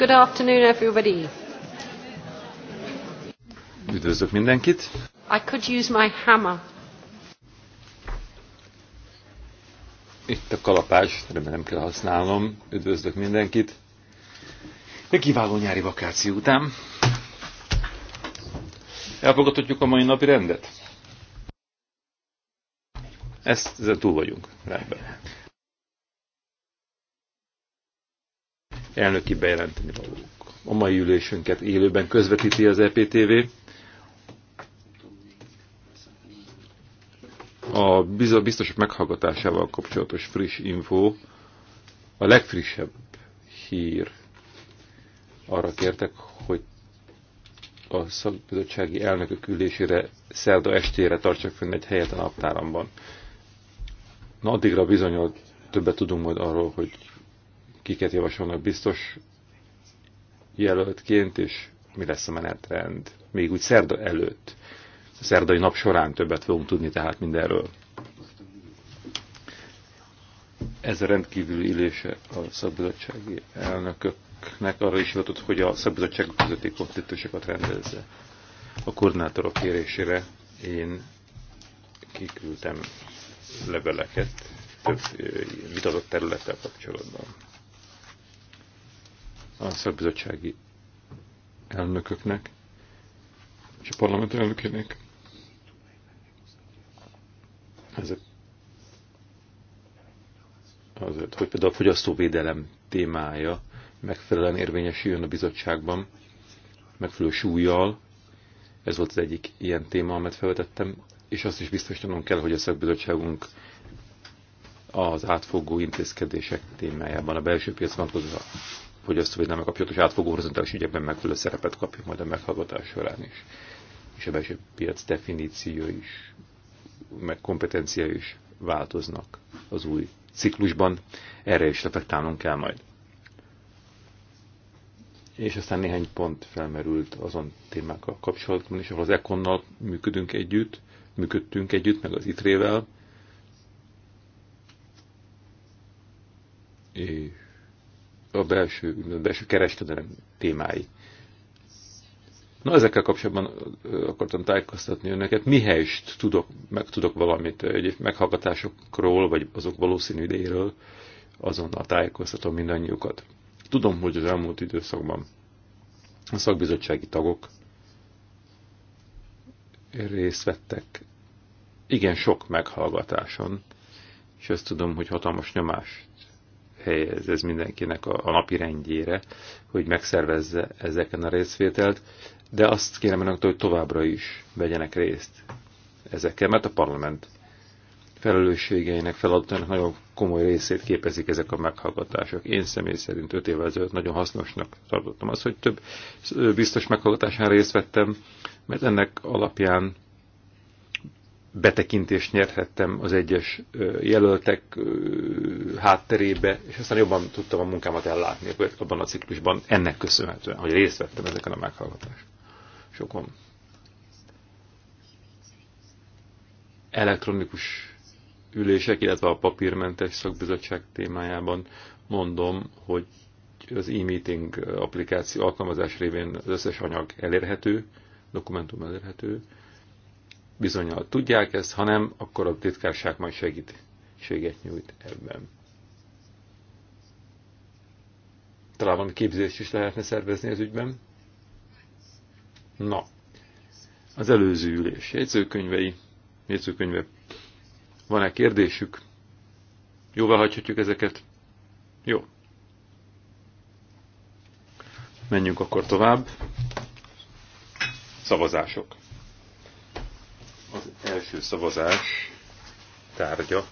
Good afternoon, everybody. Üdvözlök mindenkit. I could use my hammer. Itt a kalapás, remélem kell használnom. Üdvözlök mindenkit. De kiváló nyári vakáció után. Elfogadhatjuk a mai napi rendet? Ezt, ezzel túl vagyunk. Rendben. elnöki bejelenteni valók. A mai ülésünket élőben közvetíti az EPTV. A biztosok meghallgatásával kapcsolatos friss info, a legfrissebb hír arra kértek, hogy a szakbizottsági elnökök ülésére szerda estére tartsak fönn egy helyet a naptáramban. Na addigra bizony többet tudunk majd arról, hogy kiket javasolnak biztos jelöltként, és mi lesz a menetrend. Még úgy szerda előtt, a szerdai nap során többet fogunk tudni tehát mindenről. Ez a rendkívüli ülése a szakbizottsági elnököknek arra is hivatott, hogy a szakbizottságok közötti konfliktusokat rendezze. A koordinátorok kérésére én kiküldtem leveleket több vitatott területtel kapcsolatban a szakbizottsági elnököknek és a parlament elnökének. Ezek azért, hogy például a fogyasztóvédelem témája megfelelően érvényesüljön a bizottságban, megfelelő súlyjal. Ez volt az egyik ilyen téma, amit felvetettem, és azt is biztosítanom kell, hogy a szakbizottságunk az átfogó intézkedések témájában, a belső piac hogy megkapja, kapcsolatos átfogó horizontális ügyekben megfelelő szerepet kapja majd a meghallgatás során is. És a belső piac definíció is, meg kompetencia is változnak az új ciklusban. Erre is reflektálnunk kell majd. És aztán néhány pont felmerült azon témákkal kapcsolatban is, ahol az Econnal működünk együtt, működtünk együtt, meg az ITRÉ-vel, és a belső, a belső kereskedelem témái. Na, ezekkel kapcsolatban akartam tájékoztatni önöket. Mihez tudok, meg tudok valamit egy meghallgatásokról, vagy azok valószínű idejéről, azonnal tájékoztatom mindannyiukat. Tudom, hogy az elmúlt időszakban a szakbizottsági tagok részt vettek igen sok meghallgatáson, és ezt tudom, hogy hatalmas nyomás helyez ez mindenkinek a, a napi rendjére, hogy megszervezze ezeken a részvételt, de azt kérem önöktől, hogy továbbra is vegyenek részt ezekkel, mert a parlament felelősségeinek, feladatának nagyon komoly részét képezik ezek a meghallgatások. Én személy szerint öt évvel ezelőtt nagyon hasznosnak tartottam azt, hogy több biztos meghallgatásán részt vettem, mert ennek alapján betekintést nyerhettem az egyes jelöltek hátterébe, és aztán jobban tudtam a munkámat ellátni abban a ciklusban, ennek köszönhetően, hogy részt vettem ezeken a meghallgatásokon. Elektronikus ülések, illetve a papírmentes szakbizottság témájában mondom, hogy az e-meeting applikáció alkalmazás révén az összes anyag elérhető, dokumentum elérhető, bizonyal tudják ezt, ha nem, akkor a titkárság majd segítséget nyújt ebben. Talán valami képzést is lehetne szervezni az ügyben. Na, az előző ülés jegyzőkönyvei, jegyzőkönyve. Van-e kérdésük? Jóvá hagyhatjuk ezeket? Jó. Menjünk akkor tovább. Szavazások. Első szavazás tárgya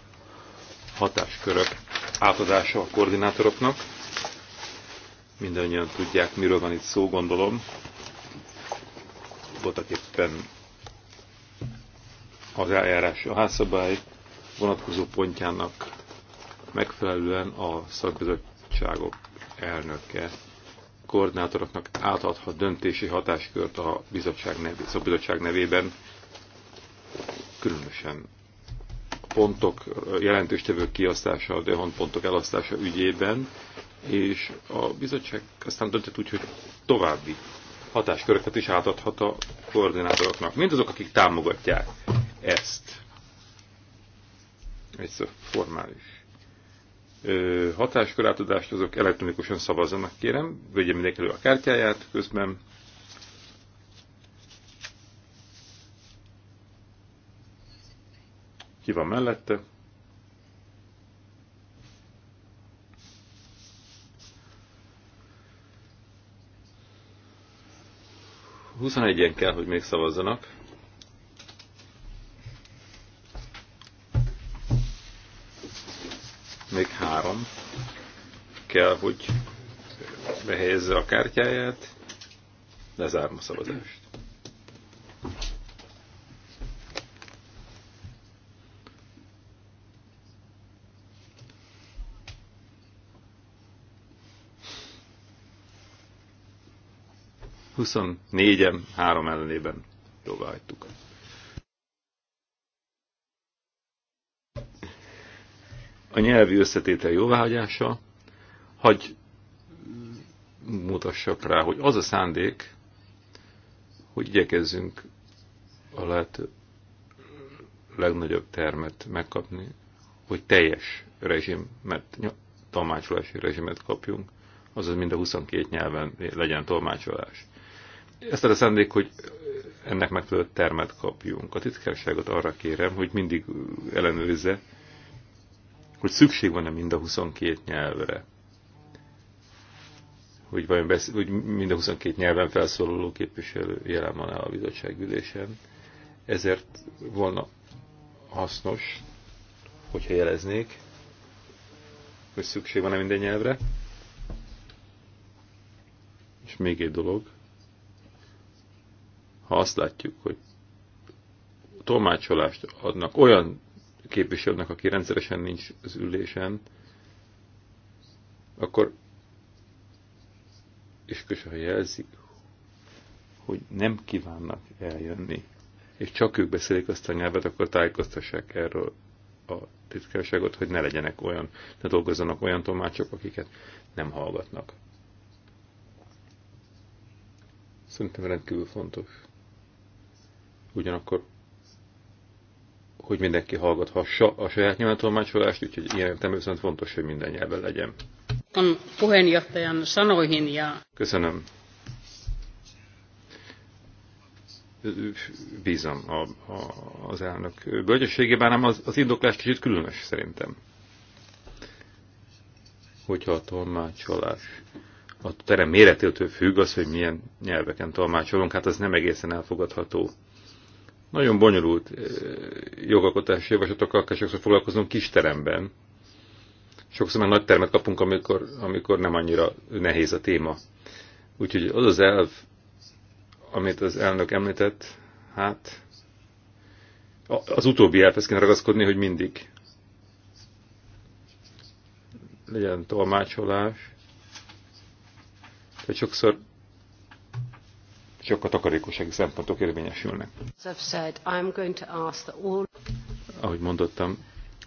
hatáskörök átadása a koordinátoroknak. Mindannyian tudják, miről van itt szó, gondolom. Voltak éppen az eljárás a házszabály vonatkozó pontjának megfelelően a szakbizottságok elnöke koordinátoroknak átadhat döntési hatáskört a bizottság, nevé, szakbizottság nevében különösen pontok, jelentős tevők kiasztása, a Dehon pontok elasztása ügyében, és a bizottság aztán döntött úgy, hogy további hatásköröket is átadhat a koordinátoroknak. Mindazok, akik támogatják ezt. Egyszer formális hatáskörátadást hatáskör azok elektronikusan szavazzanak, kérem. Vegye mindenki elő a kártyáját közben. Ki van mellette? Huszonegyen kell, hogy még szavazzanak. Még három kell, hogy behelyezze a kártyáját. Lezárom a szavazást. 24-en, 3 ellenében jóvá hagytuk. A nyelvi összetétel jóváhagyása, hagy mutassak rá, hogy az a szándék, hogy igyekezzünk a lehető legnagyobb termet megkapni, hogy teljes rezsimet, tamácsolási rezsimet kapjunk, azaz mind a 22 nyelven legyen tolmácsolás ezt a szándék, hogy ennek megfelelő termet kapjunk. A titkárságot arra kérem, hogy mindig ellenőrizze, hogy szükség van-e mind a 22 nyelvre. Hogy, vajon besz- hogy mind a 22 nyelven felszólaló képviselő jelen van el a bizottságülésen. Ezért volna hasznos, hogyha jeleznék, hogy szükség van-e minden nyelvre. És még egy dolog, ha azt látjuk, hogy tolmácsolást adnak olyan képviselőnek, aki rendszeresen nincs az ülésen, akkor és köse, ha jelzik, hogy nem kívánnak eljönni, és csak ők beszélik azt a nyelvet, akkor tájékoztassák erről a titkárságot, hogy ne legyenek olyan, ne dolgozzanak olyan tolmácsok, akiket nem hallgatnak. Szerintem rendkívül fontos ugyanakkor hogy mindenki hallgathassa a saját nyelvtolmácsolást, úgyhogy ilyen értelemben fontos, hogy minden nyelven legyen. Köszönöm. Bízom a, a, az elnök bölcsességében, ám az, az indoklás kicsit különös szerintem. Hogyha a tolmácsolás a terem méretétől függ az, hogy milyen nyelveken tolmácsolunk, hát az nem egészen elfogadható nagyon bonyolult eh, jogalkotási javaslatokkal kell sokszor foglalkoznunk kis teremben. Sokszor már nagy termet kapunk, amikor, amikor nem annyira nehéz a téma. Úgyhogy az az elv, amit az elnök említett, hát az utóbbi elvhez kéne ragaszkodni, hogy mindig legyen tolmácsolás. Tehát sokszor csak a takarékossági szempontok érvényesülnek. Ahogy mondottam,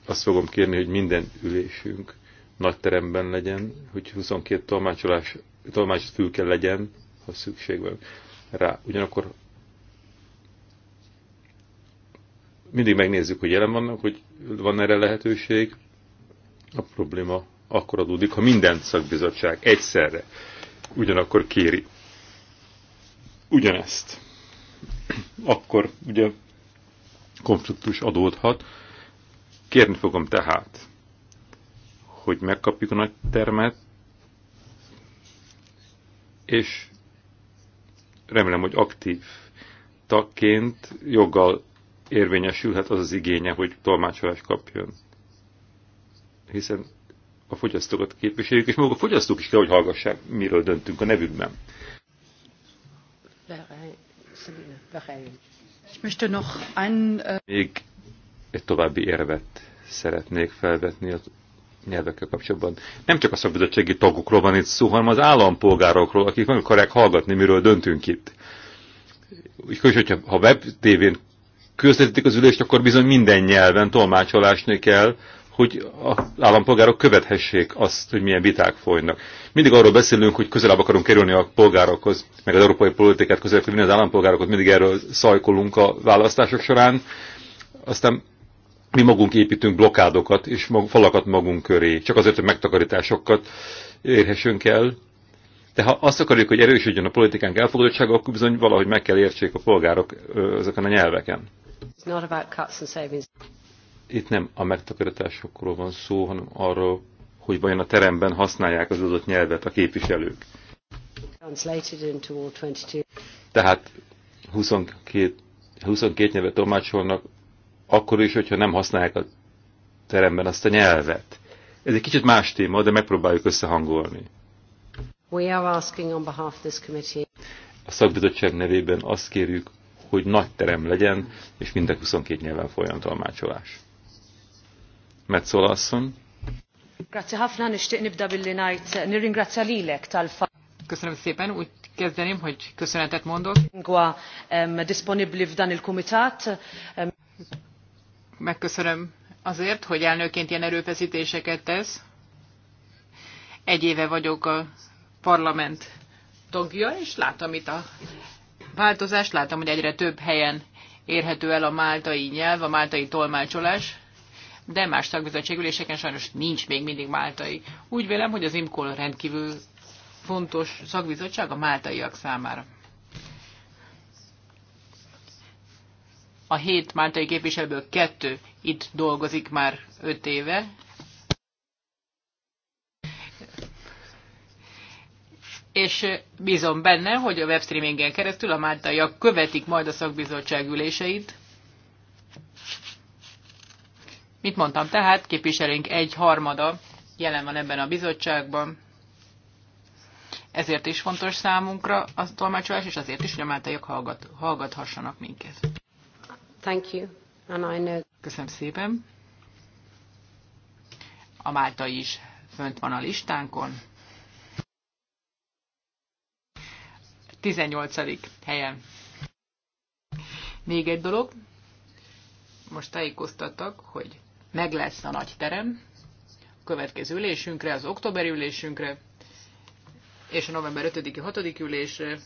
azt fogom kérni, hogy minden ülésünk nagy teremben legyen, hogy 22 tolmácsolás, tolmács fülke legyen, ha szükség van rá. Ugyanakkor mindig megnézzük, hogy jelen vannak, hogy van erre lehetőség. A probléma akkor adódik, ha minden szakbizottság egyszerre ugyanakkor kéri ugyanezt. Akkor ugye konfliktus adódhat. Kérni fogom tehát, hogy megkapjuk a nagy termet, és remélem, hogy aktív tagként joggal érvényesülhet az az igénye, hogy tolmácsolást kapjon. Hiszen a fogyasztókat képviseljük, és maguk a fogyasztók is kell, hogy hallgassák, miről döntünk a nevükben. Äh, Még egy további érvet szeretnék felvetni az nyelvekkel kapcsolatban. Nem csak a szakbizottsági tagokról van itt szó, hanem az állampolgárokról, akik meg akarják hallgatni, miről döntünk itt. Úgyhogy, hogyha ha web tévén közvetítik az ülést, akkor bizony minden nyelven tolmácsolásni kell, hogy az állampolgárok követhessék azt, hogy milyen viták folynak. Mindig arról beszélünk, hogy közelebb akarunk kerülni a polgárokhoz, meg az európai politikát közelebb kerülni az állampolgárokhoz, mindig erről szajkolunk a választások során. Aztán mi magunk építünk blokádokat és mag, falakat magunk köré, csak azért, hogy megtakarításokat érhessünk el. De ha azt akarjuk, hogy erősödjön a politikánk elfogadottsága, akkor bizony valahogy meg kell értsék a polgárok ezeken a nyelveken itt nem a megtakarításokról van szó, hanem arról, hogy vajon a teremben használják az adott nyelvet a képviselők. Tehát 22, 22 nyelvet tolmácsolnak, akkor is, hogyha nem használják a teremben azt a nyelvet. Ez egy kicsit más téma, de megpróbáljuk összehangolni. We are asking on behalf of this committee. A szakbizottság nevében azt kérjük, hogy nagy terem legyen, és minden 22 nyelven folyamatolmácsolás. tolmácsolás. Metzola asszony. Köszönöm szépen, úgy kezdeném, hogy köszönetet mondok. Megköszönöm azért, hogy elnőként ilyen erőfeszítéseket tesz. Egy éve vagyok a parlament tagja, és látom itt a változást, látom, hogy egyre több helyen érhető el a máltai nyelv, a máltai tolmácsolás de más szakbizottság sajnos nincs még mindig máltai. Úgy vélem, hogy az IMCOL rendkívül fontos szakbizottság a máltaiak számára. A hét máltai képviselőből kettő itt dolgozik már öt éve. És bízom benne, hogy a webstreamingen keresztül a máltaiak követik majd a szakbizottság üléseit, Mit mondtam tehát, képviselőnk egy harmada jelen van ebben a bizottságban, ezért is fontos számunkra a tolmácsolás, és azért is, hogy a máltaiak hallgat, hallgathassanak minket. Thank you. And I know... Köszönöm szépen. A Málta is fönt van a listánkon. 18. helyen. Még egy dolog. Most tájékoztattak, hogy meg lesz a nagy terem a következő ülésünkre, az októberi ülésünkre, és a november 5.-6. ülésre.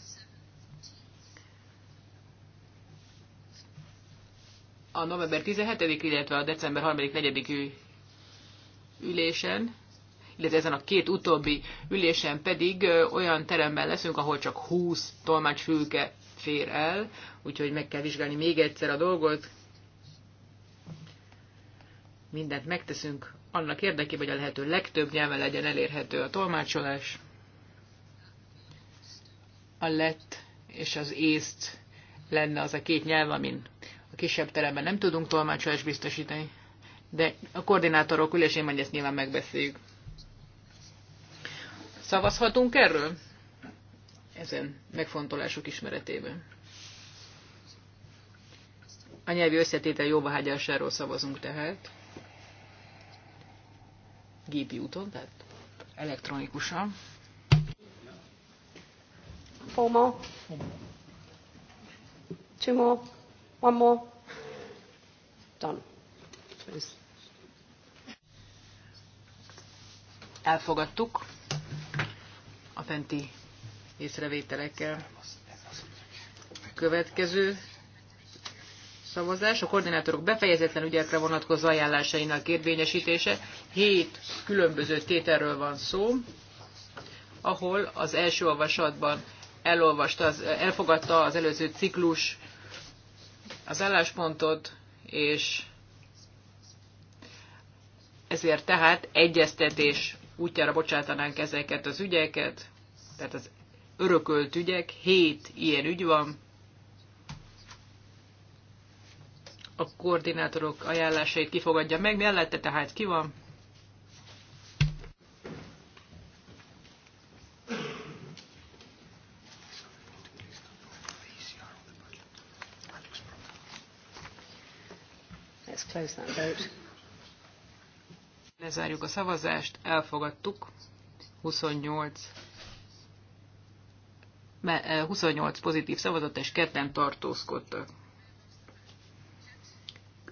A november 17. illetve a december 3.-4. ülésen, illetve ezen a két utóbbi ülésen pedig olyan teremben leszünk, ahol csak 20 tolmácsfülke fér el, úgyhogy meg kell vizsgálni még egyszer a dolgot, mindent megteszünk annak érdekében, hogy a lehető legtöbb nyelven legyen elérhető a tolmácsolás. A lett és az észt lenne az a két nyelv, amin a kisebb teremben nem tudunk tolmácsolást biztosítani, de a koordinátorok ülésén majd ezt nyilván megbeszéljük. Szavazhatunk erről? Ezen megfontolások ismeretében. A nyelvi összetétel jóváhagyásáról szavazunk tehát gépi úton, tehát elektronikusan. Fomo. Csimo. Two more. One more. Done. Elfogadtuk a fenti észrevételekkel. Következő szavazás, a koordinátorok befejezetlen ügyekre vonatkozó ajánlásainak érvényesítése. Hét különböző tételről van szó, ahol az első olvasatban elolvasta, az, elfogadta az előző ciklus az álláspontot, és ezért tehát egyeztetés útjára bocsátanánk ezeket az ügyeket, tehát az örökölt ügyek, hét ilyen ügy van, a koordinátorok ajánlásait kifogadja meg, mellette tehát ki van? Lezárjuk a szavazást, elfogadtuk. 28 28 eh, pozitív szavazat és ketten tartózkodtak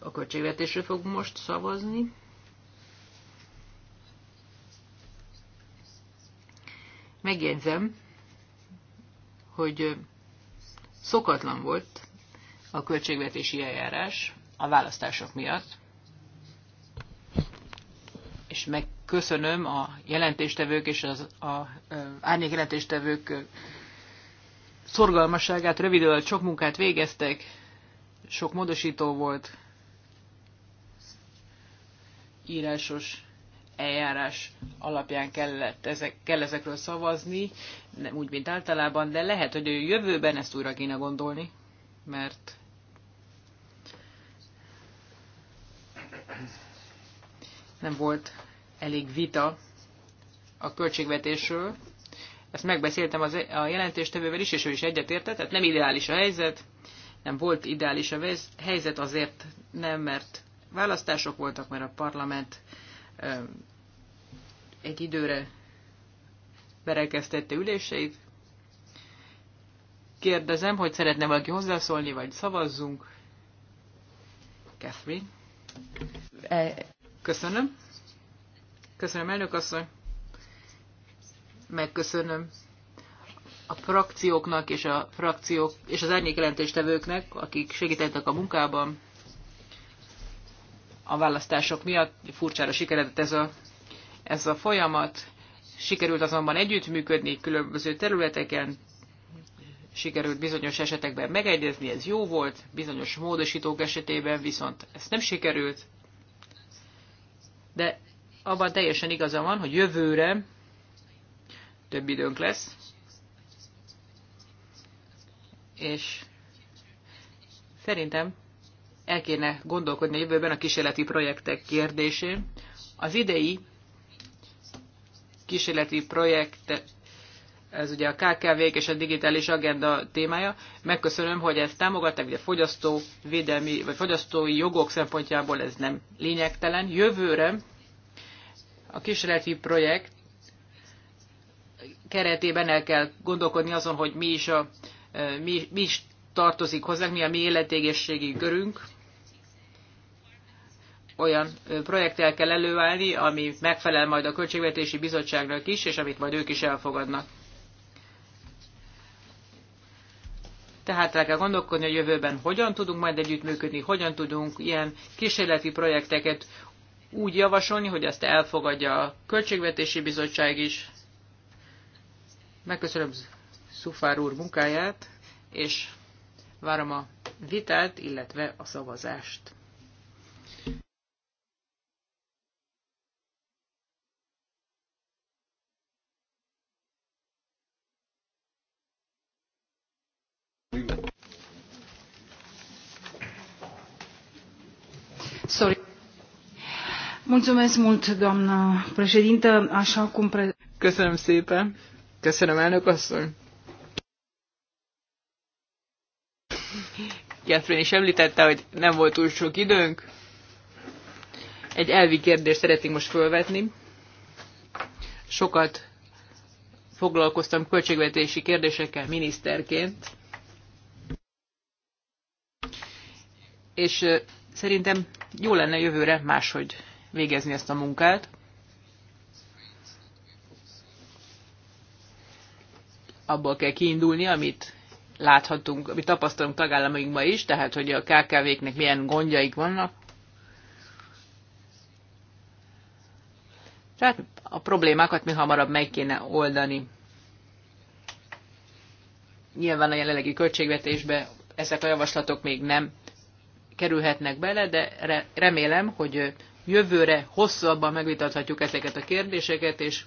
a költségvetésről fog most szavazni. Megjegyzem, hogy szokatlan volt a költségvetési eljárás a választások miatt, és megköszönöm a jelentéstevők és az a, a, árnyék jelentéstevők szorgalmasságát, rövid sok munkát végeztek, sok módosító volt, írásos eljárás alapján kellett ezek, kell ezekről szavazni, nem úgy, mint általában, de lehet, hogy a jövőben ezt újra kéne gondolni, mert nem volt elég vita a költségvetésről. Ezt megbeszéltem az, e- a jelentéstevővel is, és ő is egyetértett, tehát nem ideális a helyzet, nem volt ideális a helyzet, azért nem, mert választások voltak, mert a parlament egy időre berekeztette üléseit. Kérdezem, hogy szeretne valaki hozzászólni, vagy szavazzunk. Catherine. E, Köszönöm. Köszönöm, elnök asszony. Megköszönöm a frakcióknak és a frakciók és az árnyék jelentéstevőknek, akik segítettek a munkában a választások miatt. Furcsára sikeredett ez a, ez a folyamat. Sikerült azonban együttműködni különböző területeken, sikerült bizonyos esetekben megegyezni, ez jó volt, bizonyos módosítók esetében viszont ez nem sikerült, de abban teljesen igaza van, hogy jövőre több időnk lesz, és szerintem el kéne gondolkodni a jövőben a kísérleti projektek kérdésén. Az idei kísérleti projekt, ez ugye a kkv és a digitális agenda témája. Megköszönöm, hogy ezt támogatták, ugye fogyasztó védelmi, vagy fogyasztói jogok szempontjából ez nem lényegtelen. Jövőre a kísérleti projekt keretében el kell gondolkodni azon, hogy mi is, a, mi, mi is tartozik hozzánk, mi a mi életégészségi körünk. Olyan projekttel kell előállni, ami megfelel majd a Költségvetési Bizottságnak is, és amit majd ők is elfogadnak. Tehát rá kell gondolkodni a jövőben, hogyan tudunk majd együttműködni, hogyan tudunk ilyen kísérleti projekteket úgy javasolni, hogy ezt elfogadja a Költségvetési Bizottság is. Megköszönöm Szufár úr munkáját, és Várom a vitát, illetve a szavazást. Sorry. Mulțumesc mult, doamnă președintă, așa cum... Pre... Köszönöm szépen. Köszönöm, elnök asszony. Jeffrey is említette, hogy nem volt túl sok időnk. Egy elvi kérdést szeretnék most fölvetni. Sokat foglalkoztam költségvetési kérdésekkel miniszterként, és szerintem jó lenne jövőre máshogy végezni ezt a munkát. Abból kell kiindulni, amit láthatunk, mi tapasztalunk tagállamainkban is, tehát hogy a KKV-knek milyen gondjaik vannak. Tehát a problémákat mi hamarabb meg kéne oldani. Nyilván a jelenlegi költségvetésbe ezek a javaslatok még nem kerülhetnek bele, de remélem, hogy jövőre hosszabban megvitathatjuk ezeket a kérdéseket, és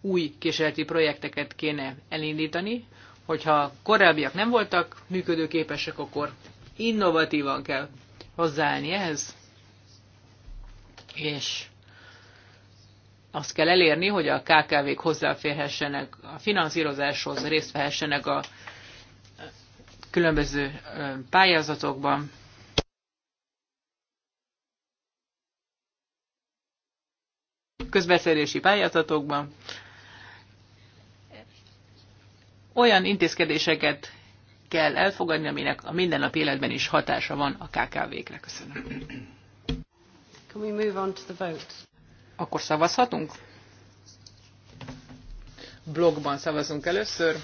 új kísérleti projekteket kéne elindítani, hogyha korábbiak nem voltak működőképesek, akkor innovatívan kell hozzáállni ehhez, és azt kell elérni, hogy a KKV-k hozzáférhessenek a finanszírozáshoz, részt vehessenek a különböző pályázatokban. közbeszerési pályázatokban olyan intézkedéseket kell elfogadni, aminek a mindennapi életben is hatása van a KKV-kre. Köszönöm. Can we move on to the vote? Akkor szavazhatunk? Blogban szavazunk először.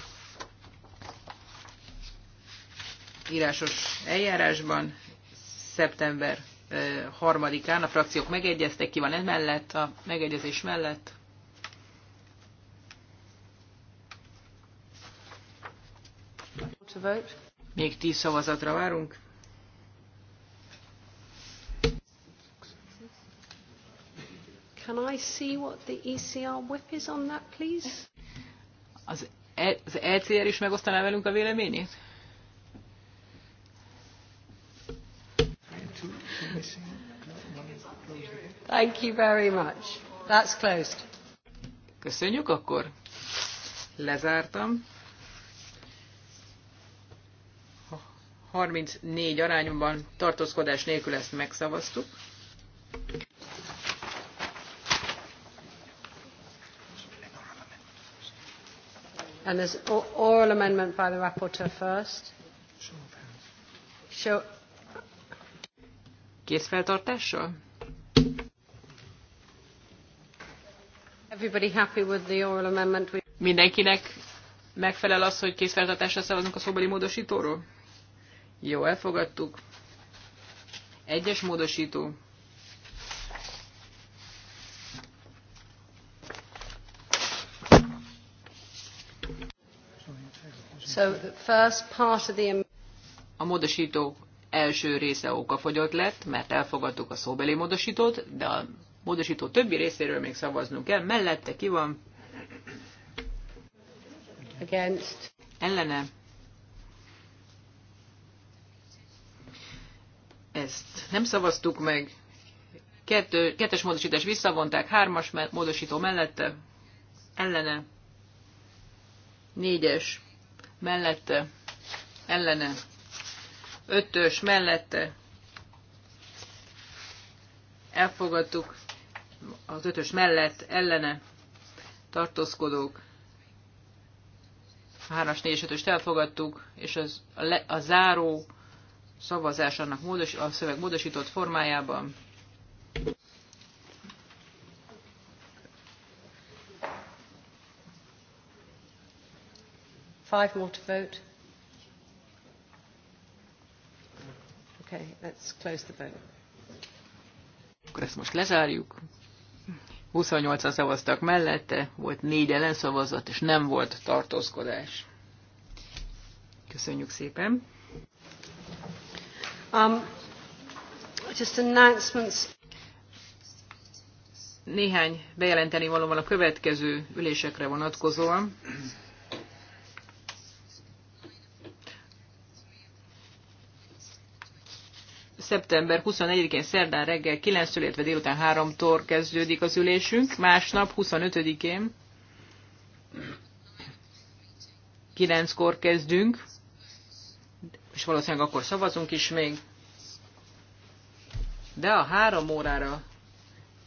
Írásos eljárásban szeptember 3-án a frakciók megegyeztek, ki van ez mellett, a megegyezés mellett vote. Még tíz szavazatra várunk. Can I see what the ECR whip is on that, please? Az, e az ECR is megosztaná velünk a véleményét? Thank you very much. That's closed. Köszönjük akkor. Lezártam. 34 arányban tartózkodás nélkül ezt megszavaztuk. And there's oral amendment by the rapporteur first. Show. Készfeltartással? Everybody happy with the oral amendment? Mindenkinek megfelel az, hogy készfeltartással szavazunk a szóbeli módosítóról? Jó, elfogadtuk. Egyes módosító. So the first part of the... A módosító első része okafogyott lett, mert elfogadtuk a szóbeli módosítót, de a módosító többi részéről még szavaznunk kell. Mellette ki van? Against. Ellene nem szavaztuk meg. Kettő, kettes módosítás visszavonták, hármas módosító mellette, ellene, négyes mellette, ellene, ötös mellette, elfogadtuk, az ötös mellett, ellene, tartózkodók, hármas, négyes, ötöst elfogadtuk, és az, a, le, a záró szavazásának módos, a szöveg módosított formájában. Five more to vote. Okay, let's close the vote. Akkor ezt most lezárjuk. 28-an szavaztak mellette, volt négy ellenszavazat, és nem volt tartózkodás. Köszönjük szépen! Um, just announcements. Néhány bejelenteni valóban a következő ülésekre vonatkozóan. szeptember 24-én szerdán reggel 9 illetve délután 3-tól kezdődik az ülésünk, másnap 25-én 9-kor kezdünk, és valószínűleg akkor szavazunk is még. De a három órára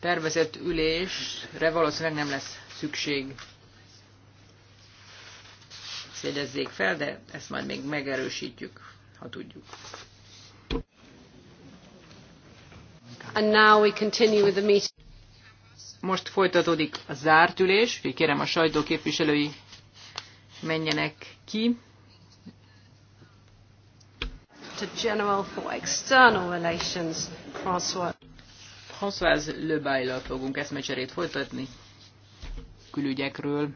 tervezett ülésre valószínűleg nem lesz szükség. Ezt fel, de ezt majd még megerősítjük, ha tudjuk. And now we continue with the meeting. Most folytatódik a zárt ülés, kérem a sajtó képviselői menjenek ki. Director General for External Relations, François. Françoise Lebaillal fogunk eszmecserét folytatni külügyekről.